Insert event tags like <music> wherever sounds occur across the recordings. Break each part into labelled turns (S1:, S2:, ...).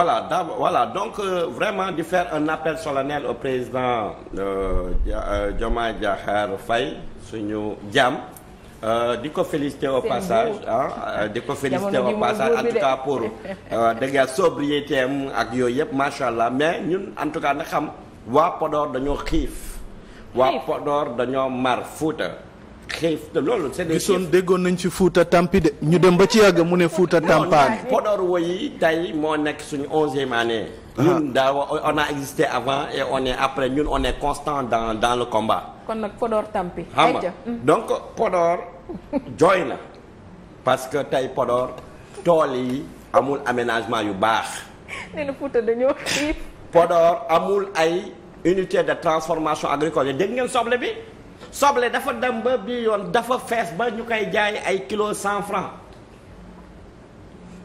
S1: voilà daa voilà donc euh, vraiment di fair un appel solennel au président euh, euh, Diomaye Diakhar Faye suñu jaam di ko féliciter au passage di ko féliciter au passage en tout cas pour dëgg sobriété ak yooyu yëpp macha allah mais ñun en tout cas na xam waa Podor dañoo xiif waa Podor dañoo mar Fuuta xiif te loolu c'est des gisoon déggoon nañ si Fouta Tampi de ñu dem ba ci yàgg mu ne Fouta Tampaan Podor woyi tey moo nekk suñu onzième année ah. ñun daaw on a existé avant et on est après ñun on est constant dans dans le combat kon nag Podor Tampi xam nga mm. donc Podor jooy na parce que tey Podor tool yi amul aménagement yu baax nee na dañoo xiif Podor amul ay unité de transformation agricole yi dégg ngeen soble bi soble dafa dem ba bii yoon dafa fees ba ñu koy jaay ay kilo cent franc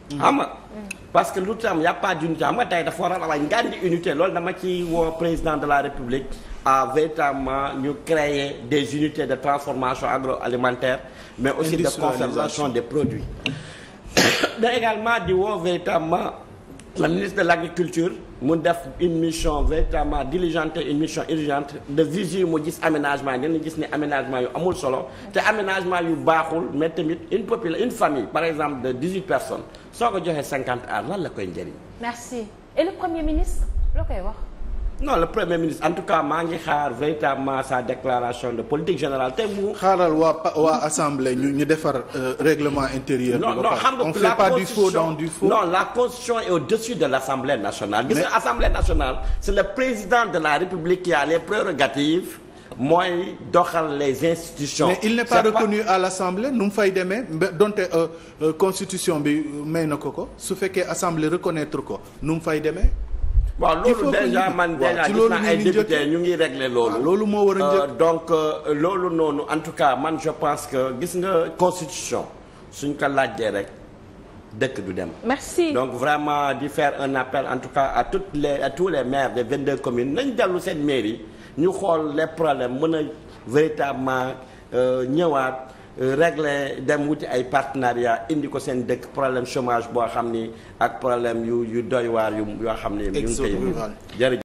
S1: mm-hmm. xam nga mm. parce que lu tam y' a pas d'unité xam nga tey dafa war a am ay ngandi unité loolu dama ci woo président de la république à véritablement ñu créer des unités de transformation alimentaire mais aussi de conservation des produits mais <coughs> également di woo véritablement le ministre de l' agriculture mu def une mission véritablement diligente une mission urgente de visu mu gis aménagement yi ngeen gis ni aménagement yu amul solo te aménagement yu baaxul mais tamit une population une famille par exemple de dix huit personnes soo ko joxee cinquante ans lan la koy njëriñ. merci et le premier ministre loo koy wax. non le premier ministre en tout cas maa ngi xaar véritablement sa déclaration de politique générale te mu. xaaral waa waa assemblée ñu defar euh, règlement intérieur. non non xam nga on fait pas du faux dans du faux. la constitution est au-dessus de l'assemblée nationale. gis assemblée nationale c'est le président de la république qui a les prérogatives. mooy doxal les institutions. mais il n'est pas reconnu à l'assemblée nu mu fay demee donte euh, euh, constitution bi may na ko ko su fekkee assemblée reconnaître ko nu mu fay demee. waaw loolu déjà man déjà gis naa ay député ñu ngi régler loolu. loolu moo war a njëkk euh, donc euh, loolu noonu en tout cas man je pense que gis nga constitution suñ ko laajee rek. dëkk du dem. merci donc vraiment di faire un appel en tout cas à tout les à tous les maires des 22 commune nañ dellu seen yi ñu xool les problèmes mën a véritablement euh, ñëwaat. régler dem wuti ay partenariat indi ko seen dëkk problème chômage boo xam ni ak problème yu yu doy yu yoo xam ni. exode rural jërëjëf.